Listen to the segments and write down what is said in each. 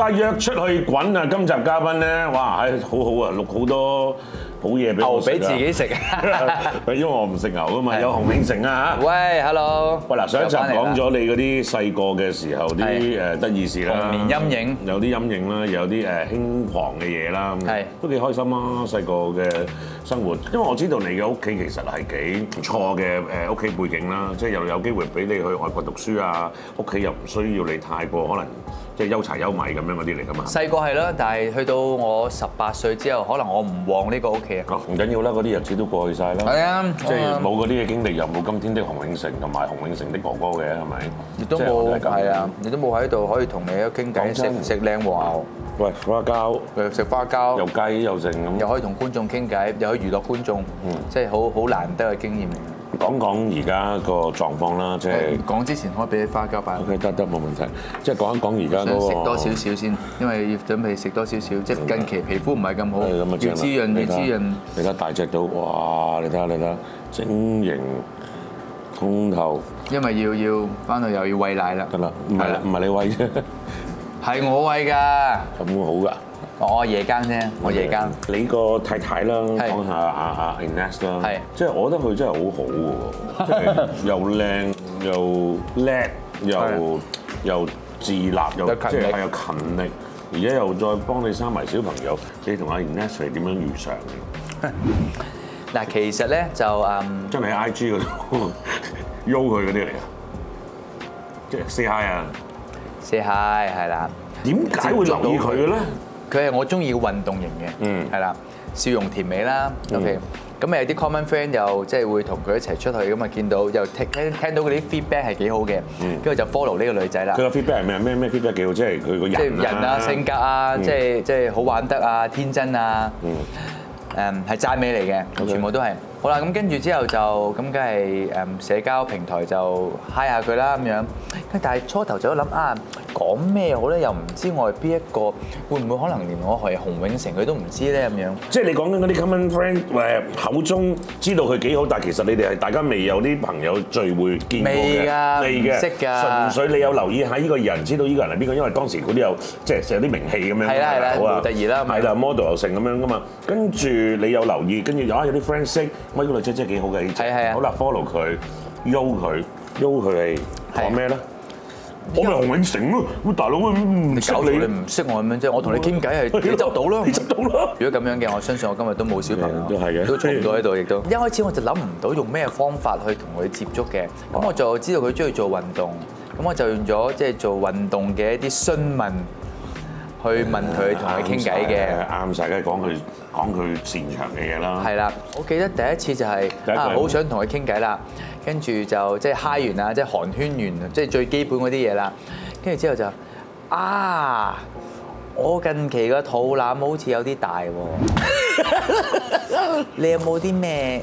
快約出去滾啊！今集嘉賓咧，哇，唉、哎，好好啊，錄好多好嘢俾俾自己食， 因為我唔食牛啊嘛。是的 有洪永城啊喂，hello。喂嗱，上一集講咗你嗰啲細個嘅時候啲誒得意事啦，童年陰影，有啲陰影啦，有啲誒輕狂嘅嘢啦，係是的 都幾開心啊！細個嘅生活，因為我知道你嘅屋企其實係幾唔錯嘅誒屋企背景啦，即係又有機會俾你去外國讀書啊，屋企又唔需要你太過可能。即係優才優米咁樣嗰啲嚟㗎嘛？細個係咯，但係去到我十八歲之後，可能我唔旺呢個屋企啊。唔緊要啦，嗰啲日子都過去晒啦的。係啊，即係冇嗰啲嘅經歷，又冇今天的洪永城同埋洪永城的哥哥嘅，係咪？亦都冇，係啊，你都冇喺度可以同你一傾偈，食唔食靚和牛？喂，花膠，食花膠，又雞又剩咁，又可以同觀眾傾偈，又可以娛樂觀眾，即係好好難得嘅經驗。講講而家個狀況啦，即係講之前可以俾你花膠擺。O K，得得冇問題，即係講一講而家嗰個。想食多少少先，嗯、因為要準備食多少少，是的 即係近期皮膚唔係咁好越，越滋潤看越滋潤你。你家大隻到，哇！你睇下，你睇下，晶瑩通透。因為要要返到又要餵奶啦。得啦，唔係唔係你餵啫，係 我餵㗎。咁好㗎。我夜間啫，我夜間。你個太太啦，講下阿阿 Ines 啦，係，即係我覺得佢真係好好喎，即係又靚又叻又又自立又即係又勤力，而且又再幫你生埋小朋友。你同阿 Ines 係點樣遇上嘅？嗱，其實咧就真係喺 IG 嗰度喐佢嗰啲嚟啊，即係 say hi 啊，say hi 係啦。點解會留意佢嘅咧？佢係我中意運動型嘅，係啦，笑容甜美啦，OK。咁啊有啲 common friend 又即係會同佢一齊出去咁啊，見到又 take 聽，聽到嗰啲 feedback 係幾好嘅，跟住就 follow 呢個女仔啦。佢個 feedback 係咩啊？咩咩 feedback 幾好？即係佢個人啊，性格啊，即係即係好玩得啊，天真啊，誒係讚美嚟嘅，全部都係。好啦，咁跟住之後就咁梗係誒社交平台就 hi 下佢啦咁樣。但係初頭就諗啊。講咩好咧？又唔知我係邊一個，會唔會可能連我係洪永城佢都唔知咧咁樣。即係你講緊嗰啲 common friend 誒口中知道佢幾好，但係其實你哋係大家未有啲朋友聚會見過嘅，未嘅，識嘅。純粹你有留意下呢個人，知道呢個人係邊個，因為當時嗰啲有即係成有啲名氣咁樣。係啦係啦，第二啦，係啦 model 又成咁樣噶嘛。跟住你有留意，跟住啊有啲 friend 識，哇呢個女仔真係幾好嘅，好啦 follow 佢，邀佢，邀佢係講咩咧？我咪洪永城咯，大佬，你搞到你唔識我咁樣啫！我同你傾偈係幾執到啦，你執到啦。如果咁樣嘅，我相信我今日都冇小朋友，都係嘅，都坐唔到喺度，亦都。的一開始我就諗唔到用咩方法去同佢接觸嘅，咁好我就知道佢中意做運動，咁我就用咗即係做運動嘅一啲詢問，去問佢同佢傾偈嘅。啱晒梗係，講佢講佢擅長嘅嘢啦。係啦，我記得第一次就係、是、啊，好想同佢傾偈啦。跟住就即係嗨完啦，即係寒暄完啊，即係最基本嗰啲嘢啦。跟住之後就啊，我近期個肚腩好似有啲大喎。你有冇啲咩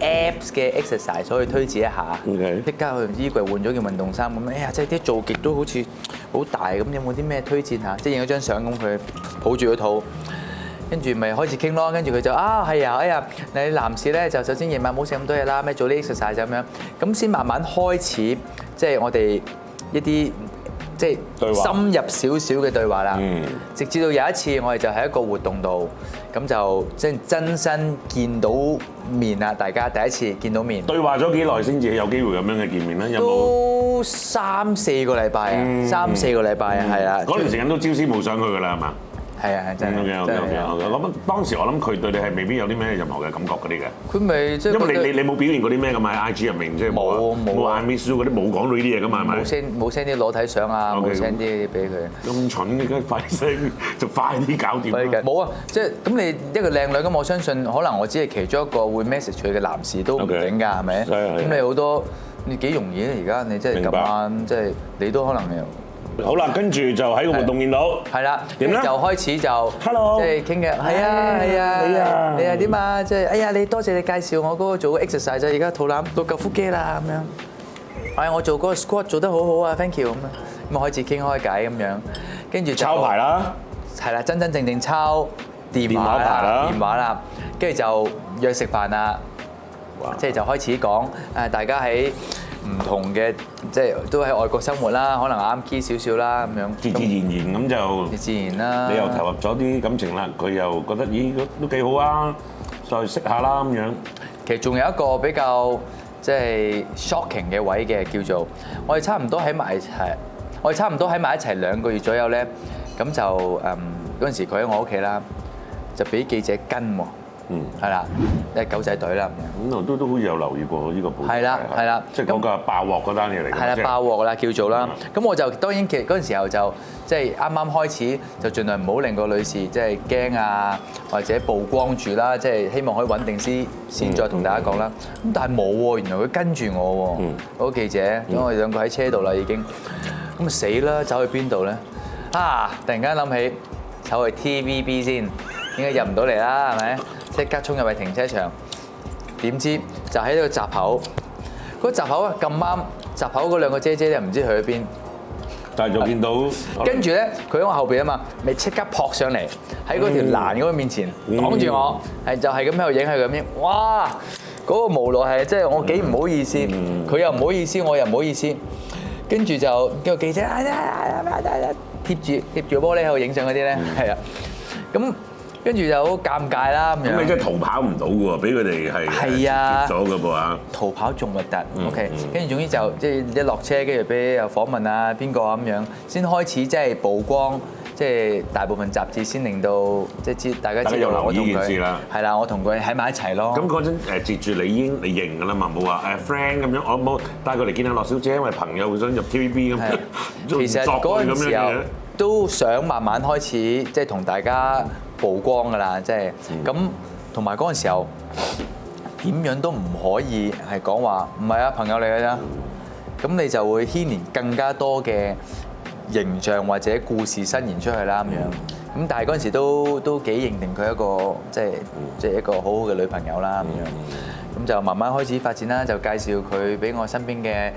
apps 嘅 exercise 可以推薦一下？即刻去衣櫃換咗件運動衫咁。哎呀，即係啲做極都好似好大咁。你有冇啲咩推薦下？即係影咗張相咁，佢抱住個肚。跟住咪開始傾咯，跟住佢就啊係啊哎呀，你男士咧就首先夜晚唔好食咁多嘢啦，咩早啲食曬就咁樣，咁先慢慢開始即係我哋一啲即係深入少少嘅對話啦。直至到有一次我哋就喺一個活動度，咁就即係真身見到面啦，大家第一次見到面。對話咗幾耐先至有機會咁樣嘅見面咧？有冇？都三四個禮拜啊，三四個禮拜啊，係啦。嗰段時間都朝思暮想佢噶啦，係嘛？係啊，真係真係。咁咁當時我諗佢對你係未必有啲咩任何嘅感覺嗰啲嘅。佢咪即係因為你你你冇表現過啲咩㗎嘛？IG 入面即係冇啊，冇 miss you 嗰啲冇講呢啲嘢㗎嘛，係咪？冇 send 冇 send 啲裸體相啊，冇 send 啲俾佢。咁蠢嘅，快啲 send 就快啲搞掂冇啊，即係咁你一個靚女咁，我相信可能我只係其中一個會 message 佢嘅男士都唔頂㗎，係咪？咁你好多你幾容易啊？而家你即係咁啱，即係你都可能又。好啦，跟住就喺個活動見到，係啦，點咧？又開始就，hello，即係傾嘅，係啊，係啊，係啊，你係點啊？即係，哎呀，你多謝你介紹我嗰個做個 exercise 啫，而家肚腩六嚿腹肌啦，咁樣。哎，我做嗰個 squat 做得好好啊，thank you 咁樣，咁啊開始傾開偈咁樣，跟住抄牌啦，係啦，真真正正抄電話牌啦，電話啦，跟住就約食飯啦，即係就開始講，誒，大家喺。唔同嘅，即係都喺外國生活啦，可能啱 key 少少啦咁樣，自自然然咁就自然啦。你又投入咗啲感情啦，佢又覺得咦都幾好啊，再識下啦咁樣。其實仲有一個比較即係 shocking 嘅位嘅，叫做我哋差唔多喺埋一齊，我哋差唔多喺埋一齊兩個月左右咧，咁就嗯嗰陣時佢喺我屋企啦，就俾記者跟喎。嗯，係 啦，即係狗仔隊啦。咁我都都好似有留意過呢、這個報道。係啦，係啦，嗯、即係嗰個爆鑊嗰單嘢嚟。嘅。係啦，爆鑊啦，叫做啦。咁、嗯、我就當然其實嗰陣時候就即係啱啱開始，就盡量唔好令個女士即係驚啊，或者曝光住啦，即、就、係、是、希望可以穩定先。先再同大家講啦。咁、嗯嗯、但係冇喎，原來佢跟住我喎，嗰、嗯、記者，因為兩個喺車度啦已經。咁死啦，走去邊度咧？啊，突然間諗起走去 TVB 先。應該入唔到嚟啦，係咪？即刻衝入去停車場，點知就喺呢個閘口，嗰閘口啊咁啱，閘口嗰兩個姐姐咧唔知去咗邊，但係仲見到。跟住咧，佢喺我後邊啊嘛，咪即刻撲上嚟，喺嗰條欄嗰個面前擋住我，係就係咁喺度影，係咁影。哇！嗰個無奈係即係我幾唔好意思，佢又唔好意思，我又唔好意思。跟住就叫個記者啊啊啊啊貼住貼住個玻璃喺度影相嗰啲咧，係啊，咁。跟住就好尷尬啦咁樣。咁你真係逃跑唔到嘅喎，俾佢哋係係啊，咗嘅噃啊。逃跑仲核突，OK。跟住總之就即係一落車，跟住俾訪問啊，邊個啊咁樣，先開始即係曝光，即係大部分雜誌先令到即係知大家知道。我同佢知啦，係啦，我同佢喺埋一齊咯。咁嗰陣誒截住你已經你認嘅啦嘛，冇話誒 friend 咁樣，我冇帶佢嚟見下樂小姐，因為朋友好想入 TVB 咁。其實嗰陣時候都想慢慢開始即係同大家。曝光噶啦，即係咁，同埋嗰陣時候點樣都唔可以係講話唔係啊朋友嚟噶啫，咁你就會牽連更加多嘅形象或者故事伸延出去啦咁樣。咁但係嗰陣時都都幾認定佢一個即係即係一個好好嘅女朋友啦咁樣。咁就慢慢開始發展啦，就介紹佢俾我身邊嘅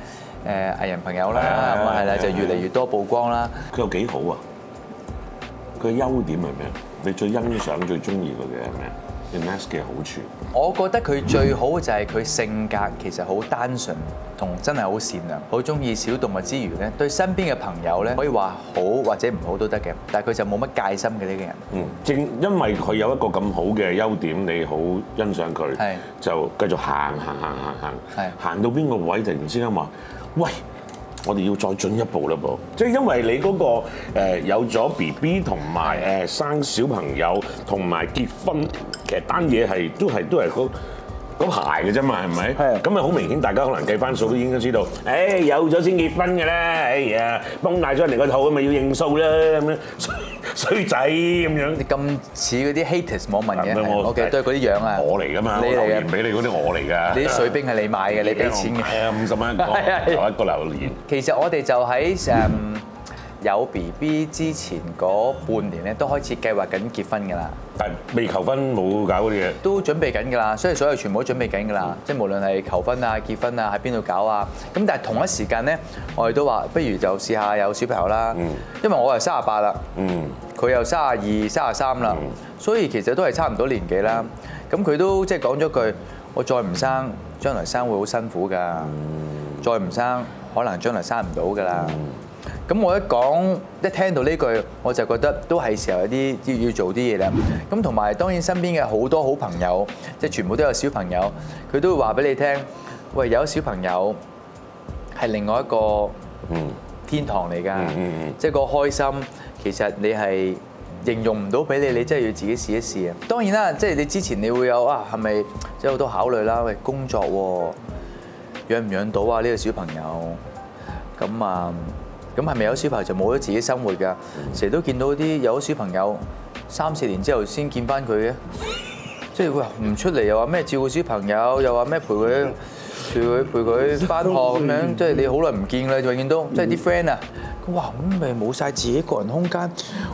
誒藝人朋友啦，咁啊係啦，就越嚟越多曝光啦。佢有幾好啊？佢嘅優點係咩？你最欣賞最中意佢嘅係咩？Inez 嘅好處，我覺得佢最好就係佢性格其實好單純，同真係好善良，好中意小動物之餘咧，對身邊嘅朋友咧可以話好或者唔好都得嘅，但係佢就冇乜戒心嘅呢、這個人。嗯，正因為佢有一個咁好嘅優點，你好欣賞佢，係是就繼續行行行行行，係是行到邊個位突然之間話，喂！我哋要再進一步嘞噃，即係因為你嗰、嗰個、呃、有咗 B B 同埋誒、呃、生小朋友同埋結婚其實單嘢係都係都係、嗰個。講鞋嘅啫嘛，係咪？咁咪好明顯，大家可能計翻數都已經都知道。誒、欸，有咗先結婚嘅啦。哎、欸、呀，崩大出嚟個套咁咪要認數啦。咁樣衰仔咁樣。咁似嗰啲 haters 網民嘅 OK，對嗰啲樣啊。我嚟㗎嘛，榴蓮俾你嗰啲我嚟㗎。啲水兵係你買嘅，你俾錢嘅。五十蚊一個，一個榴蓮。的其實我哋就喺誒。 有 B B 之前嗰半年咧，都開始計劃緊結婚㗎啦。但未求婚冇搞嗰啲嘢。都準備緊㗎啦，所以所有全部都準備緊㗎啦。嗯、即係無論係求婚啊、結婚啊、喺邊度搞啊。咁但係同一時間咧，我哋都話不如就試下有小朋友啦。因為我係三十八啦，佢又三十二、三十三啦，所以其實都係差唔多年紀啦。咁佢都即係講咗句：我再唔生，將來生會好辛苦㗎。再唔生，可能將來生唔到㗎啦。嗯咁我一講一聽到呢句，我就覺得都係時候有啲要要做啲嘢啦。咁同埋當然身邊嘅好多好朋友，即係全部都有小朋友，佢都會話俾你聽。喂，有小朋友係另外一個天堂嚟㗎，嗯、即係個開心。其實你係形容唔到俾你，你真係要自己試一試啊。當然啦，即係你之前你會有啊，係咪即係好多考慮啦？喂，工作、啊、養唔養到啊？呢、呢個小朋友咁啊～咁係咪有小朋友就冇咗自己生活㗎？成日、嗯、都見到啲有小朋友三四年之後先見翻佢嘅， 即係佢話唔出嚟又話咩照顧小朋友，又話咩陪佢陪佢陪佢翻學咁樣，即係你好耐唔見啦，永遠都即係啲 friend 啊，佢話咁咪冇晒自己個人空間？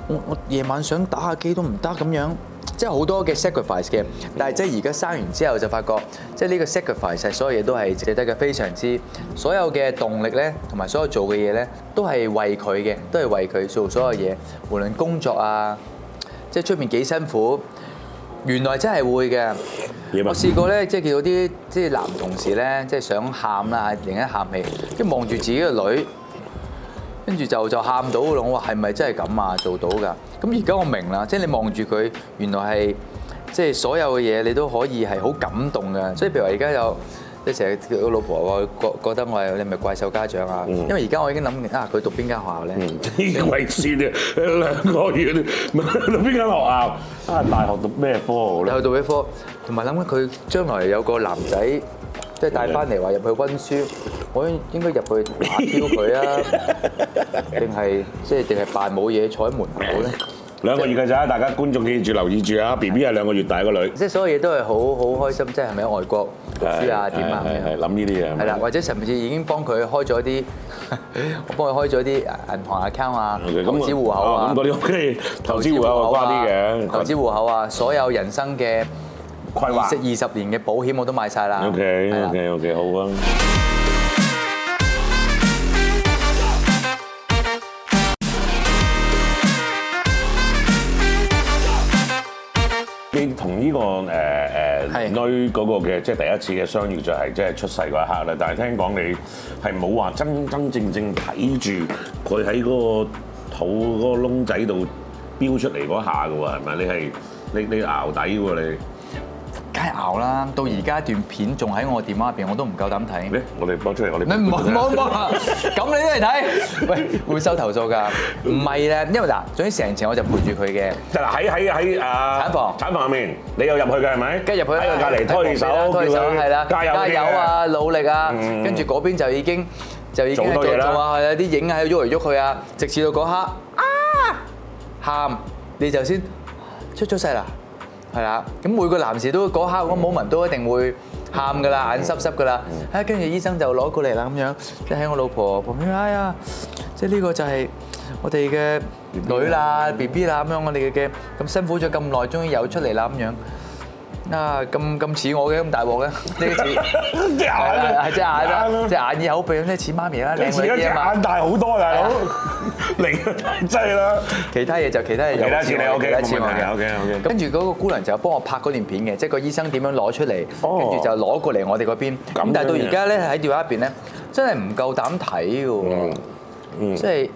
我我夜晚想打下機都唔得咁樣。即係好多嘅 sacrifice 嘅，但係即係而家生完之後就發覺，即係呢個 sacrifice 其實所有嘢都係值得嘅，非常之所有嘅動力咧，同埋所有做嘅嘢咧，都係為佢嘅，都係為佢做所有嘢，無論工作啊，即係出面幾辛苦，原來真係會嘅。嗎我試過咧，即係見到啲即係男同事咧，即係想喊啊，另一喊氣，即望住自己嘅女。跟住就就喊到咯！我話係咪真係咁啊？做到㗎？咁而家我明啦，即係你望住佢，原來係即係所有嘅嘢，你都可以係好感動嘅。所以譬如話，而家有即係成日叫老婆話，覺覺得我係你係咪怪獸家長啊？因為而家我已經諗啊，佢讀邊間學校咧？未知啊，兩個月讀邊間學校？啊，大學讀咩科好咧？又讀咩科？同埋諗咧，佢將來有個男仔即係帶翻嚟話入去温書。我應該入去打招佢啊，定係即係定係扮冇嘢坐喺門口咧？兩個月嘅仔，大家觀眾記住留意住啊！B B 係兩個月大個女，即係所有嘢都係好好開心，即係係咪喺外國讀書啊，點啊，諗呢啲嘢。係啦，或者甚至已經幫佢開咗啲，幫佢開咗啲銀行 account 啊，金子戶口啊，啲 o 投資戶口啊，啲嘅投資戶口啊，所有人生嘅規劃，即係二十年嘅保險我都買晒啦。OK OK OK，好啊。同呢個誒誒女嗰個嘅即係第一次嘅相遇，就係即係出世嗰一刻咧。但係聽講你係冇話真真正正睇住佢喺嗰個肚嗰個窿仔度飆出嚟嗰下㗎喎，係咪？你係你你，你熬底喎你。梗係熬啦，到而家段片仲喺我電話入邊，我都唔夠膽睇。咩？我哋播出嚟，我哋。你唔好唔好唔好，咁你都嚟睇？喂，會收投訴㗎？唔係啊，因為嗱，總之成程我就陪住佢嘅。就嗱，喺喺喺啊產房，產房入面，你又入去嘅係咪？跟住入去喺佢隔籬，拖佢手，拖佢手，係啦，加油啊，努力啊，跟住嗰邊就已經就已經做做啊，有啲影啊喺度喐嚟喐去啊，直至到嗰刻啊喊，你就先出咗世啦。係啦，咁每個男士都嗰刻我冇文都一定會喊噶啦，眼濕濕噶啦。啊，跟 住醫生就攞過嚟啦，咁樣即喺、就是、我老婆旁邊。哎呀，即、這、呢個就係我哋嘅女啦，B B 啦咁樣，我哋嘅嘅咁辛苦咗咁耐，終於有出嚟啦咁樣。啊咁咁似我嘅咁大鑊嘅，呢啲似，隻眼係隻眼啦，隻眼耳口鼻咧似媽咪啦，靚嘅嘢啊眼大好多啦，好靈力劑啦，其他嘢就其他嘢有，其他似你，其他似我 OK OK 跟住嗰個姑娘就幫我拍嗰段片嘅，即係個醫生點樣攞出嚟，跟住就攞過嚟我哋嗰邊。咁但係到而家咧喺電話入邊咧，真係唔夠膽睇喎，即係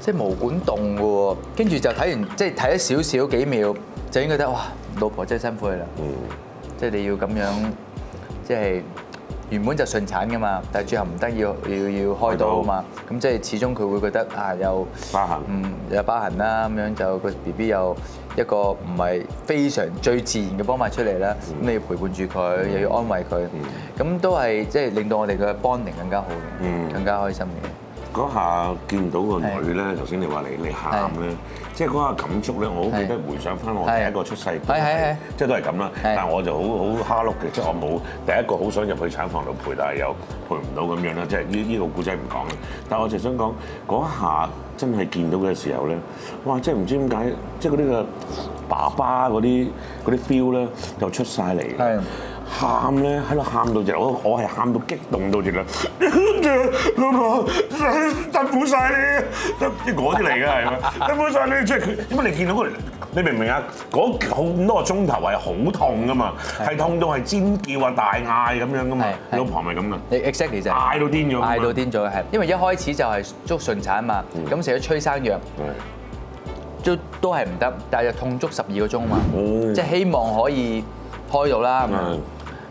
即係毛管動㗎喎，跟住就睇完，即係睇咗少少幾秒，就應該得哇。老婆真係辛苦嘅啦，即係你要咁樣，即係原本就順產嘅嘛，但係最後唔得要要要開刀啊嘛，咁即係始終佢會覺得啊有疤痕，疤痕嗯有疤痕啦，咁樣就個 B B 又，寶寶一個唔係非常最自然嘅方法出嚟啦，咁、嗯、你要陪伴住佢，又要安慰佢，咁、嗯嗯、都係即係令到我哋嘅 bonding 更加好嘅，更加開心嘅、嗯。嗰、嗯、下見唔到個女咧，頭先你話你你喊咧。即係嗰下感觸咧，我好記得回想翻我第一個出世嗰陣，即係都係咁啦。但係我就好好蝦碌嘅，即係我冇第一個好想入去產房度陪，但係又陪唔到咁樣啦。即係呢呢個故仔唔講啦。但係我就想講嗰下真係見到嘅時候咧，哇！即係唔知點解，即係嗰啲個爸爸嗰啲啲 feel 咧就出晒嚟。喊咧喺度喊到住，我我係喊到激動到住啦、就是那個！老婆辛苦晒！你，都嗰啲嚟嘅，辛苦晒！你，即係點解你見到佢？你明唔明啊？嗰好多個鐘頭係好痛噶嘛，係痛到係尖叫啊、大嗌咁樣噶嘛，老婆咪咁嘅。你 exactly 就係嗌到癲咗，嗌到癲咗係。因為一開始就係捉順產啊嘛，咁食咗催生藥，都都係唔得，但係又痛足十二個鐘啊嘛，即係對 希望可以開到啦。對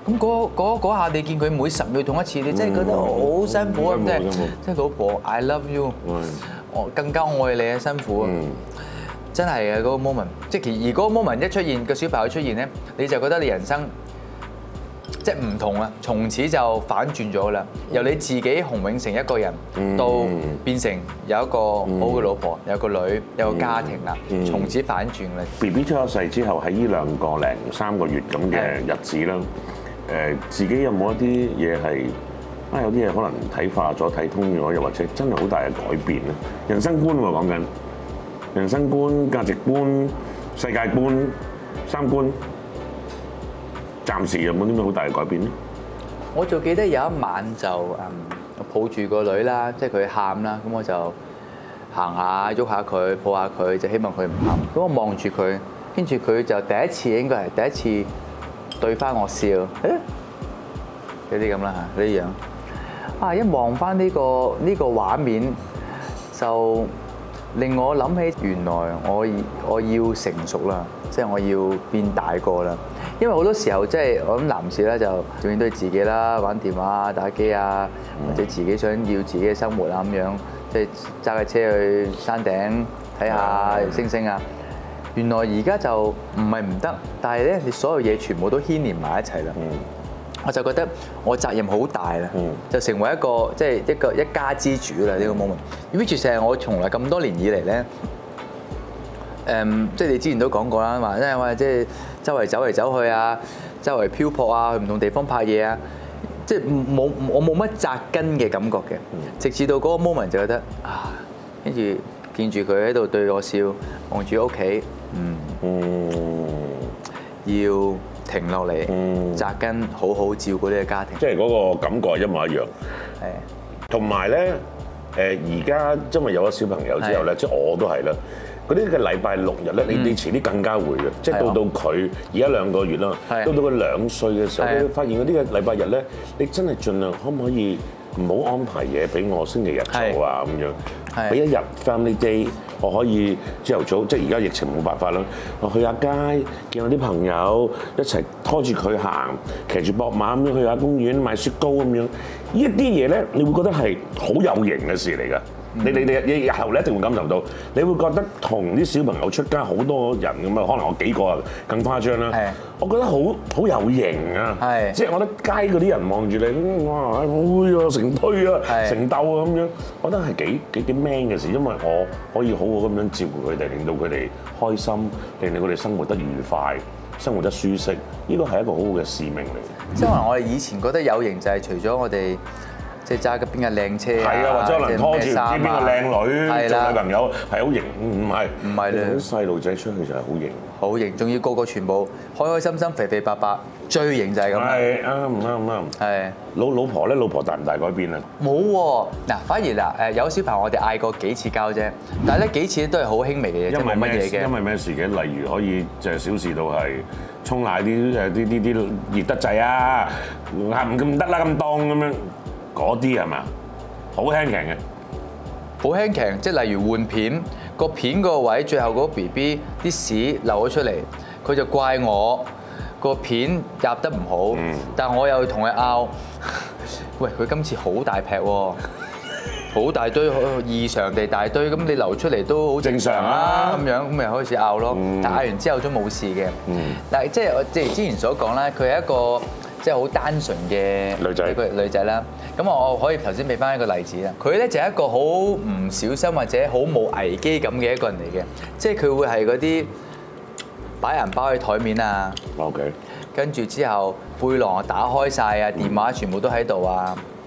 咁嗰嗰嗰下，你見佢每十秒痛一次，你真係覺得好辛苦啊！即係即係老婆，I love you，我更加愛你啊！辛苦啊！真係啊！嗰個 moment，即係而而嗰個 moment 一出現，個小朋友出現咧，你就覺得你人生即係唔同啊！從此就反轉咗啦，由你自己洪永城一個人到變成有一個好嘅老婆，有個女，有個家庭啦，從此反轉啦。BB 出咗世之後，喺呢兩個零三個月咁嘅日子啦。誒、自己有冇一啲嘢係啊？有啲嘢可能睇化咗、睇通咗，又或者真係好大嘅改變咧。人生觀喎講緊，人生觀、價值觀、世界觀、三觀，暫時有冇啲咩好大嘅改變咧？我就記得有一晚就嗯，抱住個女啦，即係佢喊啦，咁我就行下喐下佢，抱下佢，就希望佢唔喊。咁我望住佢，跟住佢就第一次應該係第一次，對翻我笑，誒、欸，有啲咁啦嚇，嗰、就、啲、是、樣啊！嗯、一望翻呢個呢、這個畫面，就令我諗起原來我我要成熟啦，即、就、係、是、我要變大個啦。因為好多時候即係、就是、我諗男士咧，就永遠都係自己啦，玩電話、打機啊，或者自己想要自己嘅生活啊咁樣，即係揸架車去山頂睇下星星啊。嗯嗯原來而家就唔係唔得，但係咧，你所有嘢全部都牽連埋一齊啦。嗯、我就覺得我責任好大啦，嗯、就成為一個即係、就是、一個一家之主啦。呢、嗯、個 moment，which 成日我從來咁多年以嚟咧，誒、嗯，即係你之前都講過啦，話即係話即係周圍走嚟走去啊，周圍漂泊啊，去唔同地方拍嘢啊，即係冇我冇乜紮根嘅感覺嘅，直至到嗰個 moment 就覺得啊，跟住見住佢喺度對我笑，望住屋企。嗯嗯，要停落嚟，嗯、紮根，好好照顧呢個家庭。即係嗰個感覺係一模一樣是的。係。同埋咧，誒而家因為有咗小朋友之後咧，即係我都係啦。嗰啲嘅禮拜六日咧，你你遲啲更加會嘅。即係到到佢而家兩個月啦，是的 到到佢兩歲嘅時候，是的 你會發現嗰啲嘅禮拜日咧，你真係盡量可唔可以，唔好安排嘢俾我星期日做啊咁是樣，俾是一日 family day，我可以朝頭早即係而家疫情冇辦法啦，我去下街見我啲朋友，一齊拖住佢行，騎住膊馬咁樣去下公園買雪糕咁樣，呢一啲嘢咧，你會覺得係好有型嘅事嚟㗎。嗯、你你你你日後你一定會感受到，你會覺得同啲小朋友出街好多人咁啊，可能我幾個啊更誇張啦。是的 我覺得好好有型啊，是的 即係我覺得街嗰啲人望住你，哇，哎呀，成堆啊，是的 成竇啊咁樣，我覺得係幾幾幾 man 嘅事，因為我可以好好咁樣照顧佢哋，令到佢哋開心，令到佢哋生活得愉快，生活得舒適，呢個係一個好好嘅使命嚟嘅，即係話我哋以前覺得有型就係除咗我哋。即係揸個邊個靚車，係啊，或者可能拖住唔知邊個靚女做女朋友，係好型，唔係唔係咧，細路仔出去就係好型，好型，仲要個個全部開開心心、肥肥白白，最型就係咁啦。係啱唔啱唔啱？係老老婆咧，老婆大唔大改變啊？冇喎，嗱，反而嗱誒，有小朋友我哋嗌過幾次交啫，但係咧幾次都係好輕微嘅嘢，都冇乜嘢嘅。因為咩事嘅？例如可以就係小事到係沖奶啲誒啲啲啲熱得滯啊，唔唔得啦咁凍咁樣。嗰啲係咪好輕強嘅？好輕強，即係例如換片個片個位，最後嗰 B B 啲屎漏咗出嚟，佢就怪我，個片夾得唔好，嗯、但我又同佢拗，喂！佢今次好大劈喎，啊，好大堆，異常地大堆，咁你流出嚟都好正常啦、啊、咁常、啊、樣，咁咪開始拗咯。嗯、但係拗完之後都冇事嘅。但嗱、嗯，即係我即係之前所講啦，佢係一個。即係好單純嘅女仔性，女仔啦。咁我可以頭先俾翻一個例子啦。佢咧就係一個好唔小心或者好冇危機感嘅一個人嚟嘅，即係佢會係嗰啲擺銀包喺枱面啊，跟住之後背囊啊打開晒啊，電話全部都喺度啊。Okay. 嗯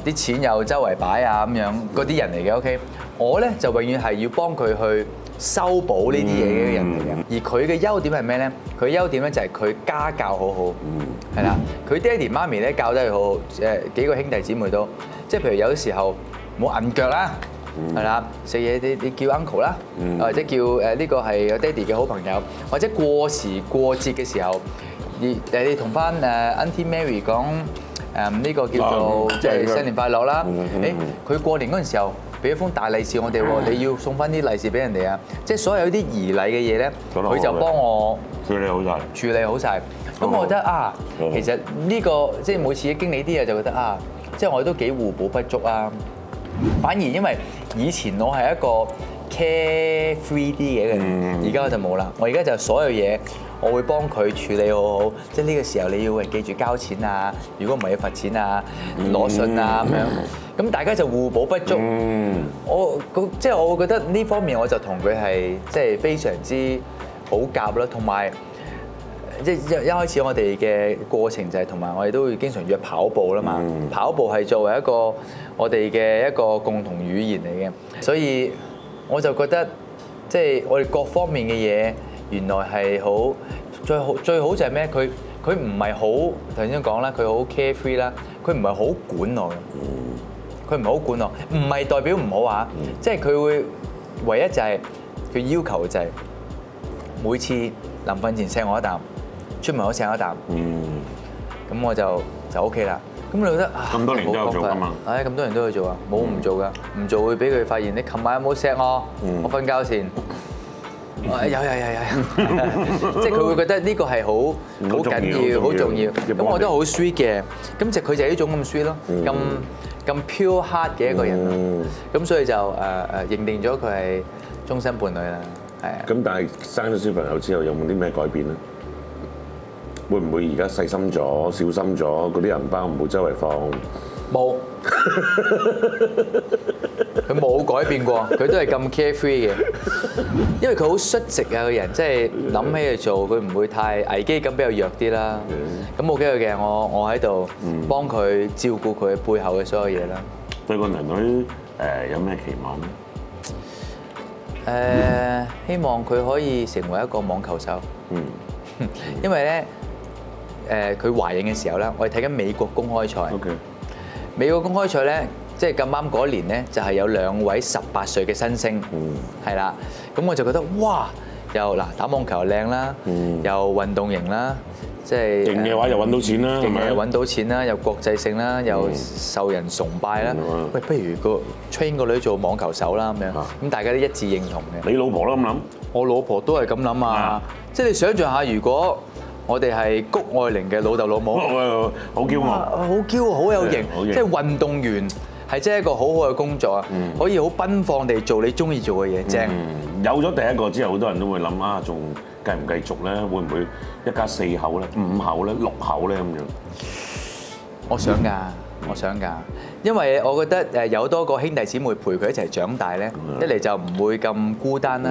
誒啲錢又周圍擺啊咁樣，嗰啲人嚟嘅，OK。我咧就永遠係要幫佢去修補呢啲嘢嘅人嚟嘅。而佢嘅優點係咩咧？佢優點咧就係佢家教好好，係啦。佢爹哋媽咪咧教得佢好，誒幾個兄弟姊妹都。即係譬如有時候冇銀腳啦，係啦，食嘢你你叫 uncle 啦，或者叫誒呢個係我爹哋嘅好朋友，或者過時過節嘅時候，你誒同翻誒 Auntie Mary 講。誒呢個叫做即係新年快樂啦！誒佢過年嗰陣時候俾封大利是我哋喎，嗯、你要送翻啲利是俾人哋啊！即係、嗯、所有啲儀禮嘅嘢咧，佢就幫我處理好晒。處理好晒。咁、嗯、我覺得啊，其實呢、這個即係、就是、每次經理啲嘢就覺得啊，即、就、係、是、我都幾互補不足啊。反而因為以前我係一個 care free 啲嘅人，而家我就冇啦。我而家就，就所有嘢。我會幫佢處理好好，即係呢個時候你要係記住交錢啊，如果唔係要罰錢啊，攞、嗯、信啊咁、嗯、樣，咁大家就互補不足。嗯、我即係我會覺得呢方面我就同佢係即係非常之好夾啦，同埋即係一一開始我哋嘅過程就係同埋我哋都會經常約跑步啦、嗯、嘛，跑步係作為一個我哋嘅一個共同語言嚟嘅，所以我就覺得即係我哋各方面嘅嘢。原來係好最好最好就係咩？佢佢唔係好頭先講啦，佢好 carefree 啦，佢唔係好管我嘅。佢唔好管我，唔係代表唔好啊。即係佢會唯一就係、是、佢要求就係每次臨瞓前錫我一啖，出門口錫我一啖。咁、嗯、我就就 OK 啦。咁你覺得咁多年都係做㗎嘛？唉，咁多年都係做啊，冇唔做㗎。唔做會俾佢發現，你琴晚有冇錫我？我瞓覺先。嗯有有有有，即係佢會覺得呢個係好好緊要，好重要。咁我覺得好 sweet 嘅，咁就佢就係呢種咁 sweet 咯，咁咁 pure heart 嘅一個人啦。咁所以就誒誒認定咗佢係終身伴侶啦，係。咁但係生咗小朋友之後，有冇啲咩改變咧？會唔會而家細心咗、小心咗嗰啲銀包唔會周圍放？冇。佢冇改變過，佢都係咁 carefree 嘅，因為佢好率直啊！個人即係諗起嚟做。佢唔會太，危機感比較弱啲啦。咁冇機會嘅，我我喺度幫佢照顧佢背後嘅所有嘢啦。對個女女誒有咩期望咧？誒，希望佢可以成為一個網球手。嗯，因為咧誒，佢懷孕嘅時候咧，我哋睇緊美國公開賽。美國公開賽咧，即係咁啱嗰年咧，就係、是就是、有兩位十八歲嘅新星，嗯，係啦。咁我就覺得，哇！又嗱，打網球靚啦，嗯、又運動型啦，即係型嘅話又揾到錢啦，係咪嗎？揾到錢啦，又國際性啦，又受人崇拜啦。喂嗎，不如個 train 個女做網球手啦，咁嗎樣，咁大家都一致認同嘅。你老婆都咁諗？我老婆都係咁諗啊！即係嗎你想像下，如果我哋係谷愛玲嘅老豆老母，好驕傲，好驕傲，好有型，即係運動員係真係一個好好嘅工作啊！可以好奔放地做你中意做嘅嘢，正。有咗第一個之後，好多人都會諗啊，仲繼唔繼續咧？會唔會一家四口咧？五口咧？六口咧？咁樣？我想㗎。我想噶，因為我覺得誒有多個兄弟姊妹陪佢一齊長大咧，一嚟就唔會咁孤單啦，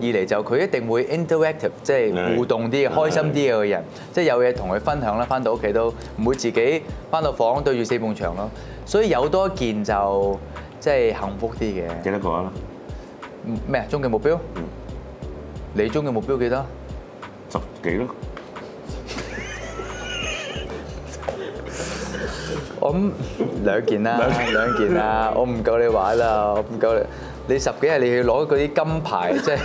二嚟就佢一定會 interactive，即係互動啲、開心啲嘅人，即係有嘢同佢分享啦，翻到屋企都唔會自己翻到房對住四幅牆咯。所以有多件就即係幸福啲嘅。幾多個啊？咩啊？終極目標？嗯。你終極目標幾多？十幾個。咁兩件啦，兩件啦，我唔夠你玩啦，我唔夠你，夠你，夠你，你十幾日你要攞嗰啲金牌，即係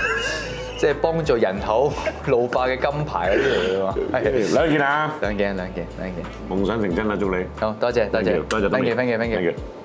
即係幫助人口老化嘅金牌嗰啲嚟喎，兩件啊，兩件兩件兩件，夢想成真啊！祝你好多謝多謝，多謝，謝，thank you thank you thank you。